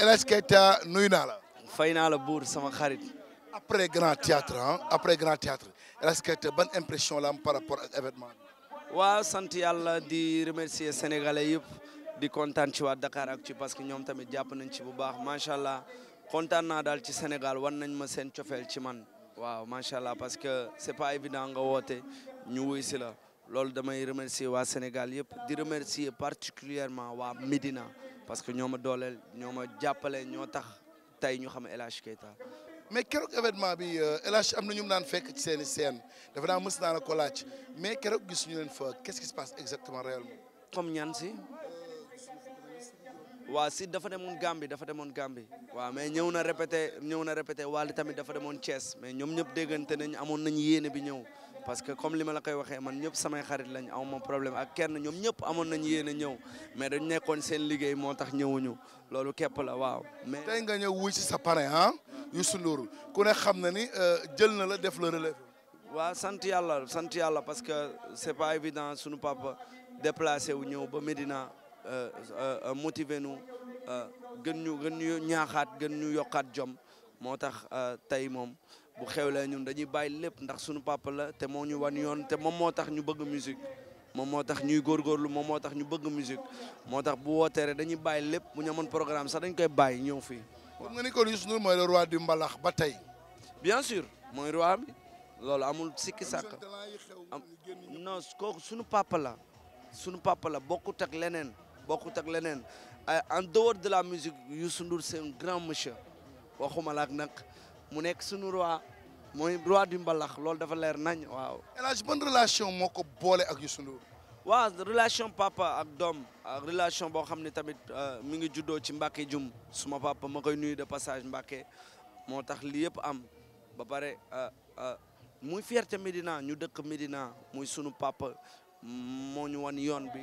El Hadj Keita nuyu la. fay naa la buur sama xarit. après grand théâtre ah après grand théâtre ban impression la am par rapport ak événement waa waaw sant yàlla di remercier sénégalais yëpp di kontaan ci waa Dakar ak ci parce que ñoom tamit jàpp nañ ci bu baax macha allah kontaan naa daal ci Sénégal wan nañ ma seen cofeel ci man. waaw macha allah parce que c'est pas évident nga woote ñu wuy si la loolu damay remercier waa Sénégal yëpp di remercier particulièrement waa Médina. parce que ñooma ma dooleel ñoo jàppale ñoo tax tey ñu xam El Hadj Keita mais keroog événement bi euh, El Hadj am na ñu daan fekk ci seen i seen dafa naa mës naa la ko laaj mais keroog gis ñu leen fa qu'est-ce exactement réellement. comme ñan si. waa si dafa demoon Gambie dafa demoon Gambie waa mais ñëw na répété ñëw na répété wàll tamit dafa demoon cees mais ñoom ñëpp déggante nañ amoon nañu yéene bi ñëw. parce que comme lima ma la koy waxee man ñëpp samay xarit lañ aw ma problème ak kenn ñom ñëpp amon nañ yéen a ñëw mais dañ nekkoon seen liggéey motax tax ñëwuñu loolu képp la waaw. mais tay nga ñew wuy si sa parent hein ah, Youssou Ndour ku ne xam na ni euh, jël na la def le relève. wa sant yalla sant yalla parce que c'est pas évident suñu papa déplacer wu ñëw ba medina euh Médina euh, euh, motiver euh gën ñu gën ñu ñaaxaat gën ñu yokkaat jom motax tay mom bu xewlee ñun dañuy bàyyi lépp ndax suñu papa la te moo ñu wan yoon te moom moo tax ñu bëgg musique moom moo tax ñuy góorgóorlu moom moo tax ñu bëgg musique moo tax bu wootee rek dañuy bàyyi lépp bu ñu amoon programme sax dañ koy bàyyi ñëw fii. waaw nga ni kon Youssou Ndour mooy le roi du mbalax ba tey. bien sûr mooy roi bi loolu amul sikki sàkk am non kooku suñu papa la suñu papa la bokkut ak leneen bokkut ak leneen en dehors de la musique Youssou Ndour c'est un grand monsieur waxuma la ak nag. mu nekk sunu roi mooy roi du mbalax loolu dafa leer nañ waaw. El Hadj ban relation moo ko boole ak Youssou Ndour. waaw relation papa ak doom ak relation boo xam ne tamit euh, mi ngi juddoo ci Mbacke Dioum suma papa moo koy nuyu de passage Mbacke moo tax lii yëpp am ba pare euh, euh, muy fierté Medina ñu dëkk Medina muy sunu papa moo ñu wan yoon bi.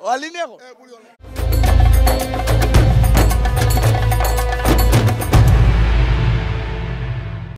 O alineago. Eh,